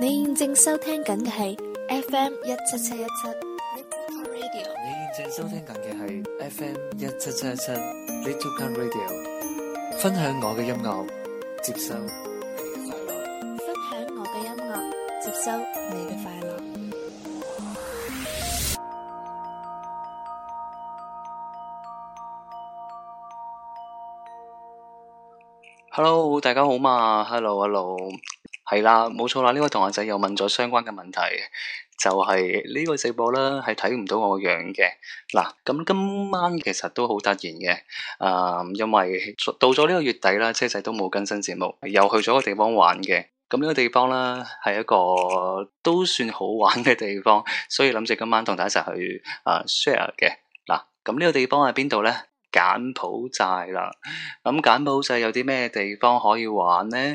你現正收聽緊嘅係 FM 一七七一七，你現正收聽緊嘅係 FM 一七七一七，Little Can Radio，分享我嘅音樂接收你嘅快樂，分享我嘅音樂接收你嘅快樂。Hello，大家好嘛？Hello，Hello。Hello, hello. 係啦，冇錯啦，呢位同學仔又問咗相關嘅問題，就係、是、呢個直播咧係睇唔到我樣嘅。嗱、啊，咁今晚其實都好突然嘅，啊，因為到咗呢個月底啦，車仔都冇更新節目，又去咗個地方玩嘅。咁呢個地方啦，係一個都算好玩嘅地方，所以諗住今晚同大家一齊去啊 share 嘅。嗱，咁、啊、呢個地方喺邊度呢？柬埔寨啦，咁柬埔寨有啲咩地方可以玩呢？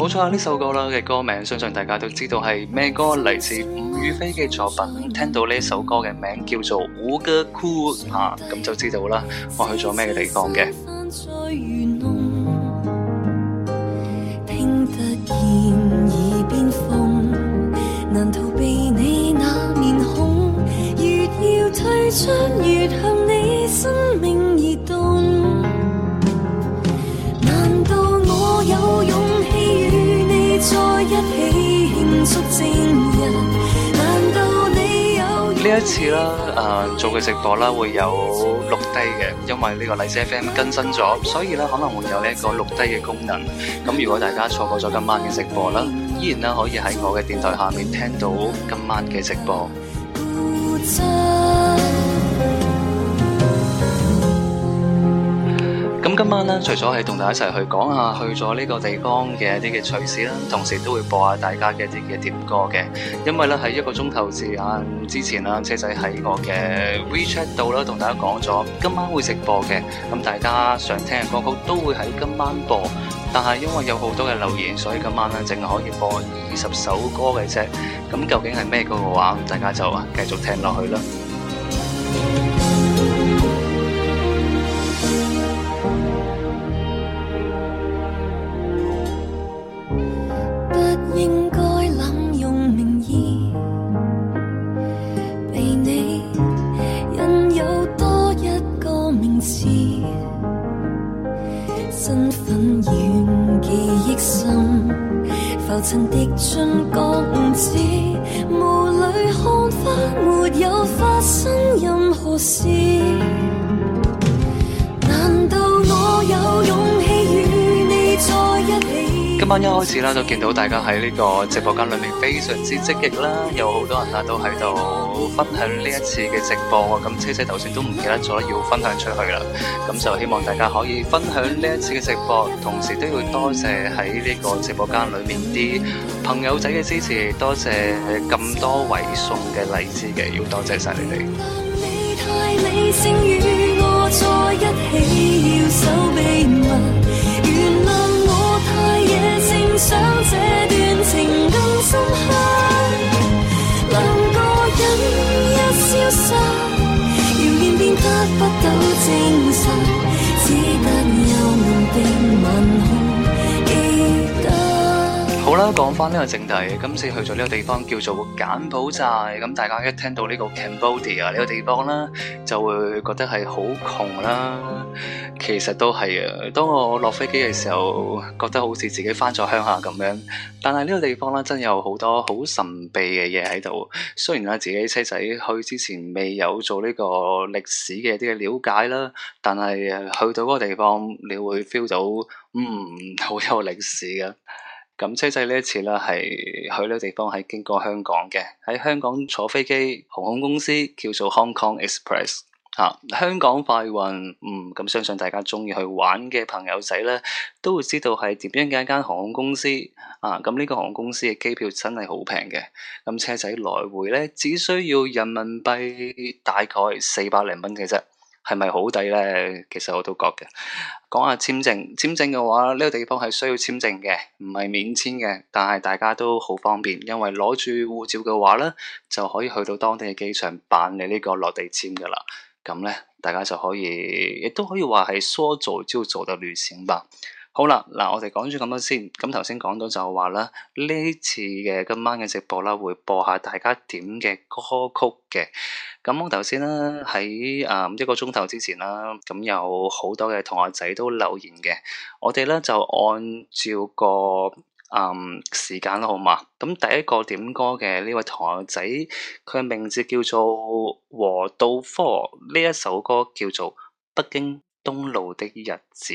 冇錯啊！呢首歌啦嘅歌名，相信大家都知道係咩歌，嚟自吳雨霏嘅作品。聽到呢首歌嘅名叫做《吳哥窟》啊，咁就知道啦，我去咗咩嘅地方嘅。呢一次啦，誒、呃，做嘅直播啦，會有錄低嘅，因為呢個荔枝 FM 更新咗，所以咧可能會有呢一個錄低嘅功能。咁如果大家錯過咗今晚嘅直播啦，依然咧可以喺我嘅電台下面聽到今晚嘅直播。咁今晚咧，除咗係同大家一齊去講下去咗呢個地方嘅一啲嘅趣事啦，同時都會播下大家嘅一啲嘅點歌嘅。因為咧喺一個鐘頭時間之，之前啦，車仔喺我嘅 WeChat 度啦，同大家講咗今晚會直播嘅。咁大家常聽嘅歌曲都會喺今晚播，但係因為有好多嘅留言，所以今晚咧淨係可以播二十首歌嘅啫。咁究竟係咩歌嘅話，大家就繼續聽落去啦。難道我有勇氣與你在一起？今晚一開始啦，就見到大家喺呢個直播間裏面非常之積極啦，有好多人啦都喺度分享呢一次嘅直播。咁車仔頭先都唔記得咗要分享出去啦，咁就希望大家可以分享呢一次嘅直播，同時都要多謝喺呢個直播間裏面啲朋友仔嘅支持，多謝咁多位送嘅荔枝嘅，要多謝晒你哋。你正與我在一起，要守秘密。原諒我太野性，想這段。講翻呢個正題，今次去咗呢個地方叫做柬埔寨。咁大家一聽到呢個 Cambodia 呢個地方啦，就會覺得係好窮啦。其實都係啊，當我落飛機嘅時候，覺得好似自己翻咗鄉下咁樣。但係呢個地方咧，真有好多好神秘嘅嘢喺度。雖然咧自己車仔去之前未有做呢個歷史嘅啲嘅了解啦，但係去到嗰個地方，你會 feel 到嗯，好有歷史嘅。咁車仔呢一次咧係去呢個地方，係經過香港嘅。喺香港坐飛機，航空公司叫做 Hong Kong Express 啊。香港快運，嗯，咁，相信大家鍾意去玩嘅朋友仔咧都會知道係點樣嘅一間航空公司啊。咁呢個航空公司嘅機票真係好平嘅，咁車仔來回咧只需要人民幣大概四百零蚊嘅啫。係咪好抵咧？其實我都覺嘅。講下簽證，簽證嘅話呢個地方係需要簽證嘅，唔係免簽嘅。但係大家都好方便，因為攞住護照嘅話咧，就可以去到當地嘅機場辦理呢個落地簽噶啦。咁咧，大家就可以，亦都可以話係說走就走嘅旅行吧。好啦，嗱，我哋講咗咁多先。咁頭先講到就係話咧，呢次嘅今晚嘅直播啦，會播下大家點嘅歌曲嘅。咁我頭先啦，喺誒、嗯、一個鐘頭之前啦，咁、嗯、有好多嘅同學仔都留言嘅。我哋咧就按照個誒、嗯、時間啦，好嘛。咁、嗯、第一個點歌嘅呢位同學仔，佢嘅名字叫做和道科，呢一首歌叫做《北京東路的日子》。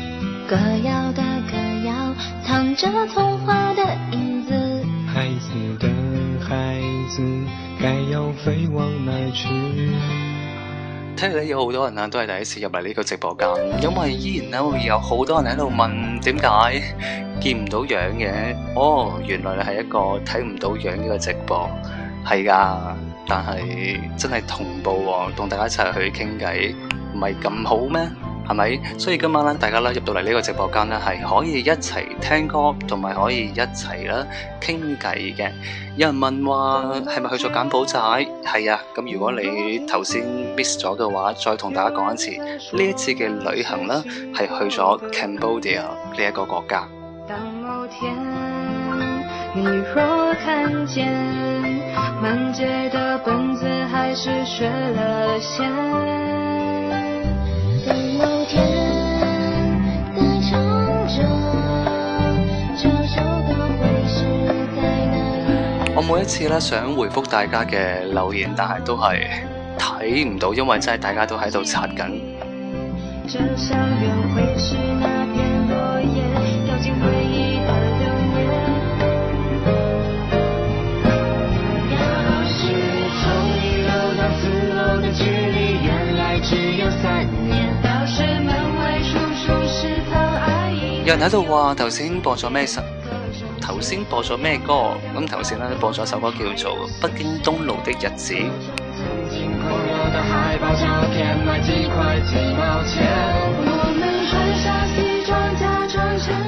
歌謠的歌謠，藏着童話的影子。孩子的孩子，該要飛往哪去？睇嚟有好多人啊，都係第一次入嚟呢個直播間，因為依然咧會有好多人喺度問點解見唔到樣嘅？哦，原來係一個睇唔到樣嘅直播，係噶，但係真係同步喎，同大家一齊去傾偈，唔係咁好咩？係咪？所以今晚咧，大家咧入到嚟呢個直播間咧，係可以一齊聽歌，同埋可以一齊咧傾偈嘅。有人問話係咪去咗柬埔寨？係啊。咁如果你頭先 miss 咗嘅話，再同大家講一次，呢一次嘅旅行咧係去咗 Cambodia 呢一個國家。當某天你若看見滿街本子還是學了，是先。嗯、我每一次呢想回覆大家嘅留言，但係都係睇唔到，因為真係大家都喺度刷緊。有人喺度話：頭先播咗咩歌？頭先播咗咩歌？咁頭先咧播咗首歌叫做《北京東路的日子》。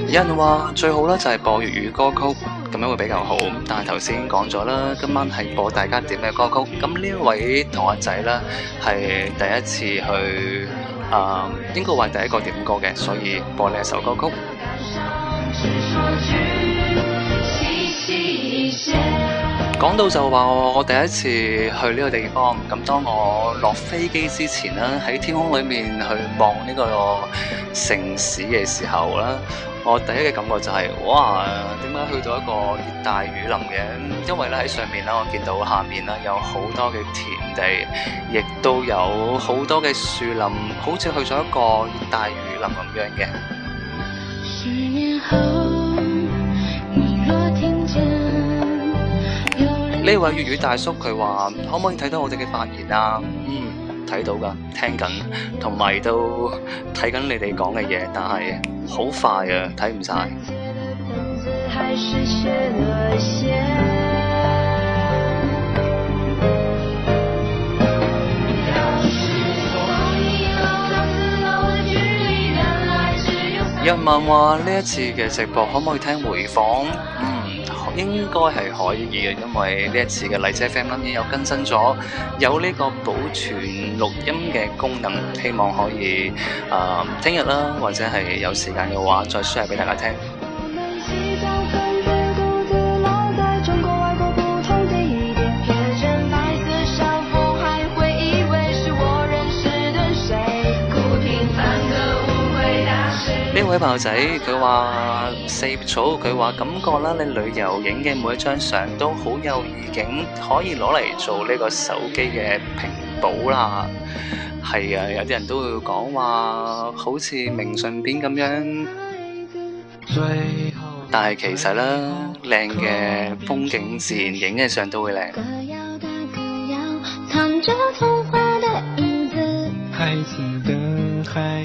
有人話最好咧就係播粵語歌曲，咁樣會比較好。但係頭先講咗啦，今晚係播大家點嘅歌曲。咁呢位同學仔咧係第一次去，啊、呃、應該話第一個點歌嘅，所以播呢一首歌曲。講到就話我第一次去呢個地方，咁當我落飛機之前呢，喺天空裏面去望呢個城市嘅時候呢，我第一嘅感覺就係哇，點解去到一個熱帶雨林嘅？因為咧喺上面呢，我見到下面呢有好多嘅田地，亦都有好多嘅樹林，好似去咗一個熱帶雨林咁樣嘅。呢位粵語大叔，佢話可唔可以睇到我哋嘅發言啊？嗯，睇到㗎，聽緊，同埋都睇緊你哋講嘅嘢，但係好快啊，睇唔晒。有人問話呢一次嘅直播可唔可以聽回放？嗯，應該係可以嘅，因為呢一次嘅荔枝 FM 已經有更新咗，有呢個保存錄音嘅功能，希望可以啊，聽日啦，或者係有時間嘅話，再 share 俾大家聽。呢位炮仔，佢話四葉草，佢話感覺啦，你旅遊影嘅每一張相都好有意境，可以攞嚟做呢個手機嘅屏保啦。係啊，有啲人都會講話好似明信片咁樣，但係其實啦，靚嘅風景自然影嘅相都會靚。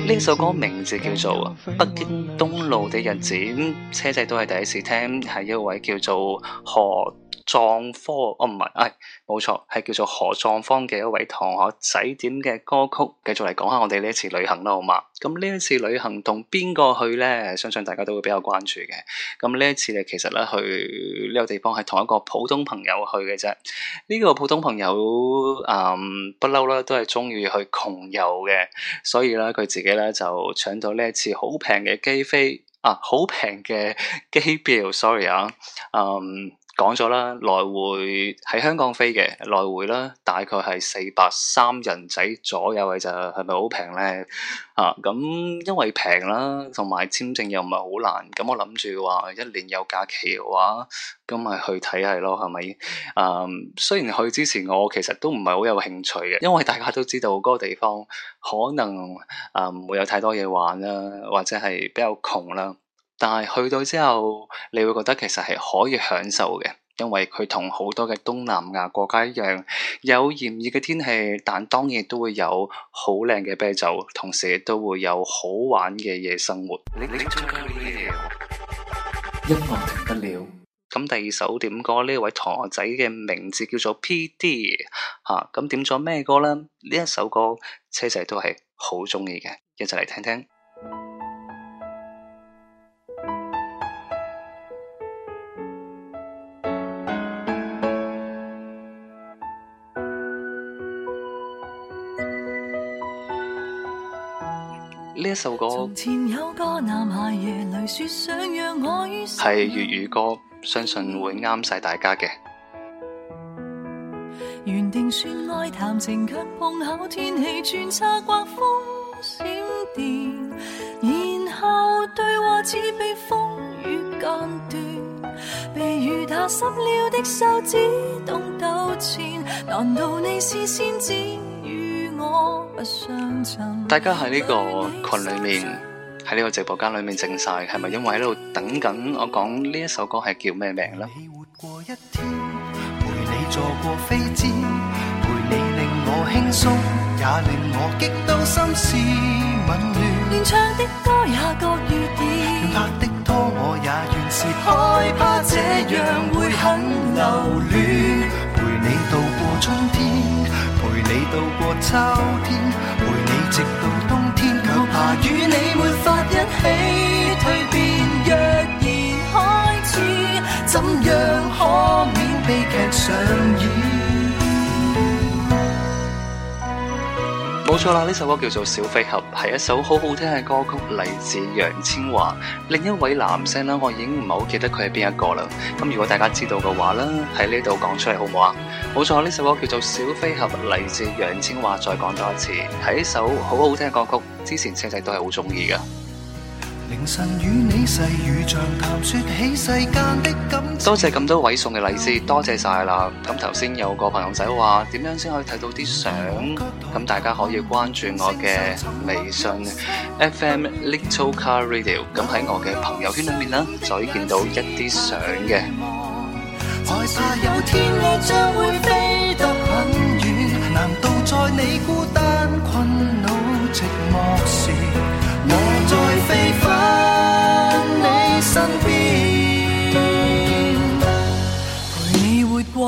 呢首歌名字叫做《北京東路的日子》，車仔都係第一次聽，係一位叫做何壯科，哦唔係，係冇錯，哎，係叫做何壯方嘅一位同學仔點嘅歌曲。繼續嚟講下我哋呢一次旅行啦，好嘛？咁呢一次旅行同邊個去咧？相信大家都會比較關注嘅。咁呢一次咧，其實咧去呢個地方係同一個普通朋友去嘅啫。呢、呢個普通朋友，嗯，不嬲啦，都係中意去窮遊嘅，所以咧佢自己咧就搶到呢一次好平嘅機飛啊，好平嘅機票，sorry 啊，嗯。講咗啦，來回喺香港飛嘅來回啦，大概係四百三人仔左右嘅咋，係咪好平咧？啊，咁因為平啦，同埋簽證又唔係好難，咁我諗住話一年有假期嘅話，咁咪去睇下咯，係咪？啊，雖然去之前我其實都唔係好有興趣嘅，因為大家都知道嗰個地方可能啊唔會有太多嘢玩啦，或者係比較窮啦。但係去到之後，你會覺得其實係可以享受嘅，因為佢同好多嘅東南亞國家一樣，有炎熱嘅天氣，但當然都會有好靚嘅啤酒，同時亦都會有好玩嘅夜生活。音樂停不了。咁第二首點歌呢位同學仔嘅名字叫做 P D，吓、啊、咁點咗咩歌呢？呢一首歌車仔都係好鍾意嘅，一齊嚟聽聽。首歌從前有個男孩夜裏，說想讓我於世，係粵語歌，相信會啱晒大家嘅。原定說愛談情卻碰，碰巧天氣轉差，刮風閃電，然後對話似被風雨間斷，被雨打濕了的手指，難道你是先知大家喺呢個群裏面，喺呢個直播間裏面靜晒，係咪因為喺度等緊我講呢一首歌係叫咩名呢？陪陪陪你你你過一天，陪你坐過飛機，陪你令令我輕鬆也令我也也激鬥心思。連唱的歌也覺遇，咧？陪你度過度過秋天，陪你直到冬天，卻怕與你沒法一起蛻變，若然開始，怎樣可免悲劇上演？冇錯啦，呢首歌叫做《小飛俠》，係一首好好聽嘅歌曲，嚟自楊千嬅。另一位男聲咧，我已經唔係好記得佢係邊一個啦。咁如果大家知道嘅話咧，喺呢度講出嚟好唔好啊？冇錯，呢首歌叫做《小飛俠》，嚟自楊千嬅。再講多一次，係一首好好聽嘅歌曲，之前車仔都係好中意嘅。多謝咁多位送嘅荔枝，多謝晒啦。咁頭先有個朋友仔話，點樣先可以睇到啲相？咁大家可以關注我嘅微信 FM Little Car Radio，咁喺我嘅朋友圈裏面咧，就可以見到一啲相嘅。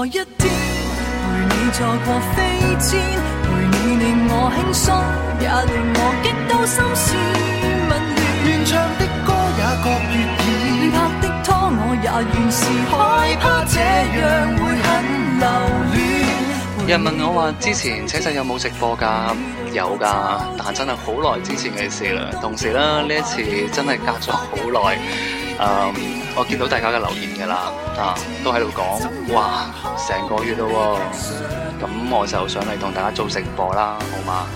陪你坐過飛氈陪你你坐令令我輕鬆也我我也也也極度心酸。原唱的的歌，拍的拖，願是害怕這樣會很。很留戀。有人問我話之前車仔有冇食過㗎？有㗎的，但真係好耐之前嘅事啦。同時啦，呢一次真係隔咗好耐。誒。Um, 我見到大家嘅留言㗎啦，啊，都喺度講，哇，成個月咯喎，咁我就上嚟同大家做直播啦，好嘛？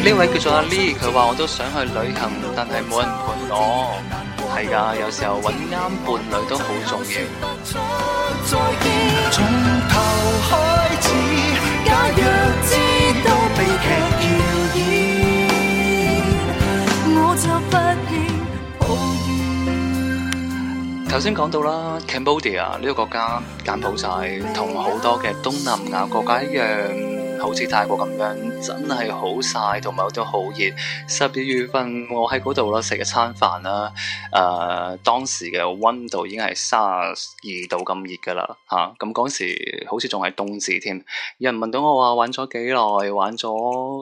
呢位叫做阿 Lee，佢話我都想去旅行，但係冇人陪我。係、哦、噶，有時候揾啱伴侶都好重要。從頭先講到啦，Cambodia 呢個國家柬埔寨，同好多嘅東南亞國家一樣。好似泰國咁樣，真係好晒，同埋都好熱。十二月份我喺嗰度啦，食一餐飯啦、啊，誒、呃，當時嘅温度已經係卅二度咁熱噶啦，吓咁嗰時好似仲係冬至添。有人問到我話玩咗幾耐，玩咗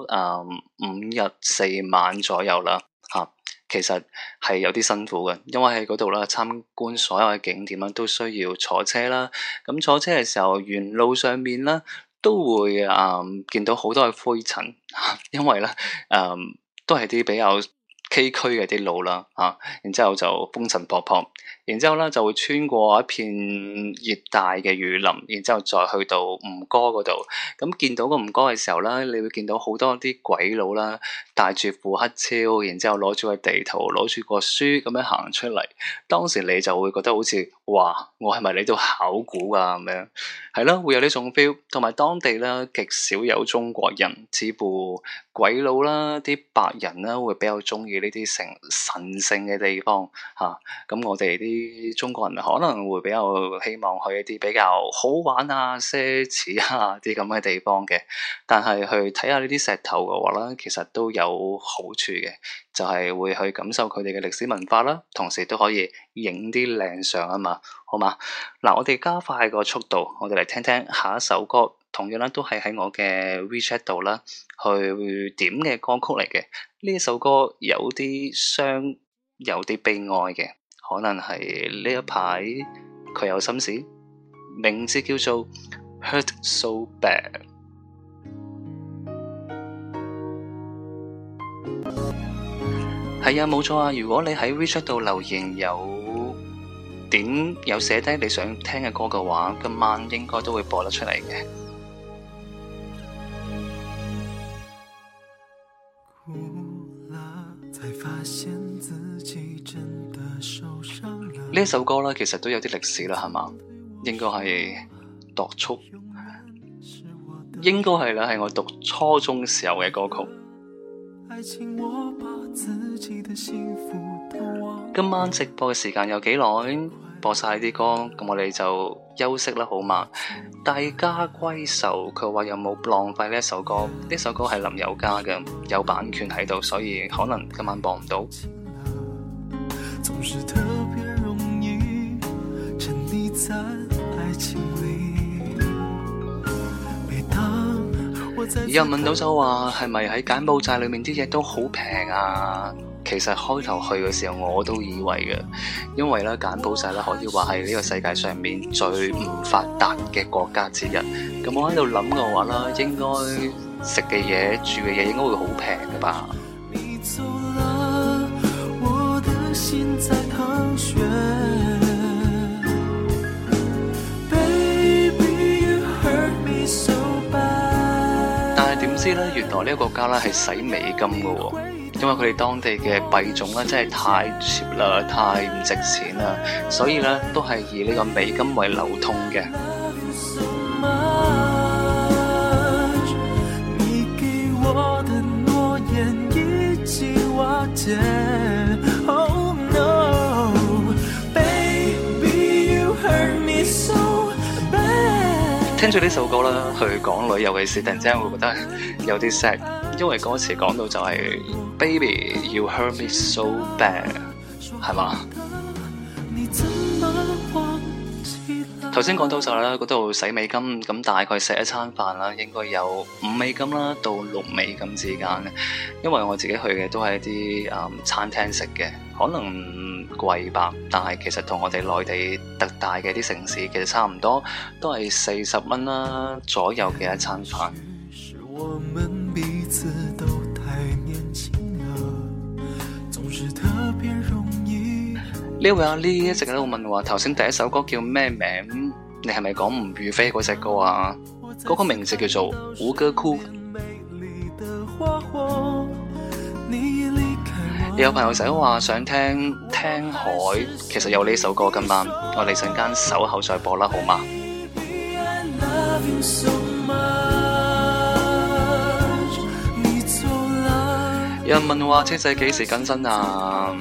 誒五日四晚左右啦，吓、啊、其實係有啲辛苦嘅，因為喺嗰度啦參觀所有嘅景點啦、啊，都需要坐車啦。咁坐車嘅時候，沿路上面咧。都會啊、嗯，見到好多嘅灰塵，啊、因為咧，誒、嗯，都係啲比較崎嶇嘅啲路啦，啊，然之後就風塵僕僕。然之後咧，就會穿過一片熱帶嘅雨林，然之後再去到吳哥嗰度。咁、嗯、見到個吳哥嘅時候咧，你會見到好多啲鬼佬啦，戴住副黑超，然之後攞住個地圖，攞住個書咁樣行出嚟。當時你就會覺得好似，哇！我係咪嚟度考古㗎咁樣？係咯，會有呢種 feel。同埋當地咧極少有中國人，只不過鬼佬啦、啲白人啦會比較中意呢啲成神聖嘅地方嚇。咁、啊、我哋啲啲中國人可能會比較希望去一啲比較好玩啊、奢侈啊啲咁嘅地方嘅，但係去睇下呢啲石頭嘅話咧，其實都有好處嘅，就係會去感受佢哋嘅歷史文化啦，同時都可以影啲靚相啊嘛，好嘛？嗱，我哋加快個速度，我哋嚟聽聽下一首歌，同樣咧都係喺我嘅 WeChat 度啦，去點嘅歌曲嚟嘅，呢首歌有啲傷，有啲悲哀嘅。可能係呢一排佢有心事，名字叫做 Hurt So Bad。係啊，冇錯啊。如果你喺 WeChat 度留言有點有寫低你想聽嘅歌嘅話，今晚應該都會播得出嚟嘅。 呢首歌啦，其實都有啲歷史啦，係嘛？應該係讀出，應該係啦，係我讀初中時候嘅歌曲。今晚直播嘅時間有幾耐？播晒啲歌，咁我哋就休息啦，好嘛？大家歸守。佢話有冇浪費呢一首歌？呢首歌係林宥嘉嘅，有版權喺度，所以可能今晚播唔到。有人問到就話係咪喺柬埔寨裏面啲嘢都好平啊？其實開頭去嘅時候我都以為嘅，因為咧柬埔寨咧可以話係呢個世界上面最唔發達嘅國家之一。咁我喺度諗嘅話啦，應該食嘅嘢、住嘅嘢應該會好平嘅吧。知咧，原來呢個國家咧係使美金嘅喎，因為佢哋當地嘅幣種咧真係太 cheap 啦，太唔值錢啦，所以咧都係以呢個美金為流通嘅。聽住呢首歌啦，去港旅遊嘅時，突然之間會覺得有啲 sad，因為歌詞講到就係、是、Baby，you hurt me so bad，係嘛？頭先講到就係咧，嗰度使美金，咁大概食一餐飯啦，應該有五美金啦到六美金之間，因為我自己去嘅都係一啲、嗯、餐廳食嘅，可能。貴吧，但係其實同我哋內地特大嘅啲城市其實差唔多，都係四十蚊啦左右嘅一餐飯。呢位阿 Leo 一直喺度問話，頭先第一首歌叫咩名？你係咪講吳雨霏嗰隻歌啊？嗰個名字叫做《胡歌酷》。有朋友成日話想聽聽海，其實有呢首歌今晚，我哋陣間稍後再播啦，好嗎？有人、嗯、問話車仔幾時更新啊？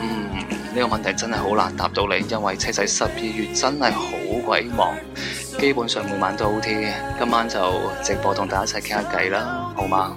嗯、呢、這個問題真係好難答到你，因為車仔十二月真係好鬼忙，基本上每晚都 O T，今晚就直播同大家一齊傾下偈啦，好嗎？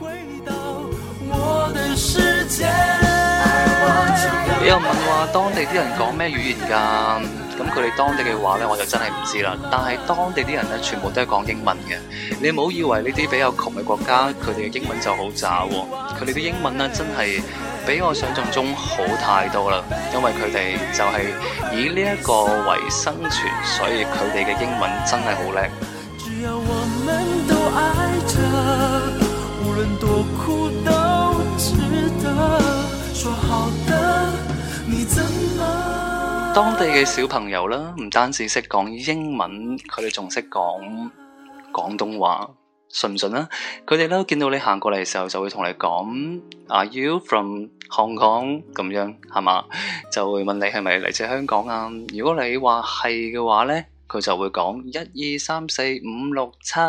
你又問話當地啲人講咩語言㗎？咁佢哋當地嘅話呢，我就真係唔知啦。但係當地啲人呢，全部都係講英文嘅。你唔好以為呢啲比較窮嘅國家，佢哋嘅英文就好渣喎。佢哋嘅英文呢，真係比我想象中好太多啦。因為佢哋就係以呢一個為生存，所以佢哋嘅英文真係好叻。當地嘅小朋友啦，唔單止識講英文，佢哋仲識講廣東話，信唔信啊？佢哋咧，見到你行過嚟嘅時候，就會同你講，Are you from Hong Kong？咁樣係嘛？就會問你係咪嚟自香港啊？如果你話係嘅話咧，佢就會講一二三四五六七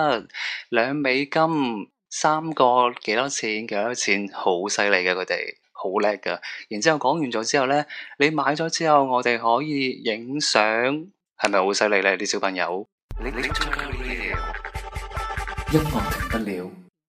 兩美金三個幾多錢？幾多錢？好犀利嘅佢哋。好叻噶，然之後講完咗之後咧，你買咗之後，我哋可以影相，係咪好犀利咧？啲小朋友，你音樂停不了。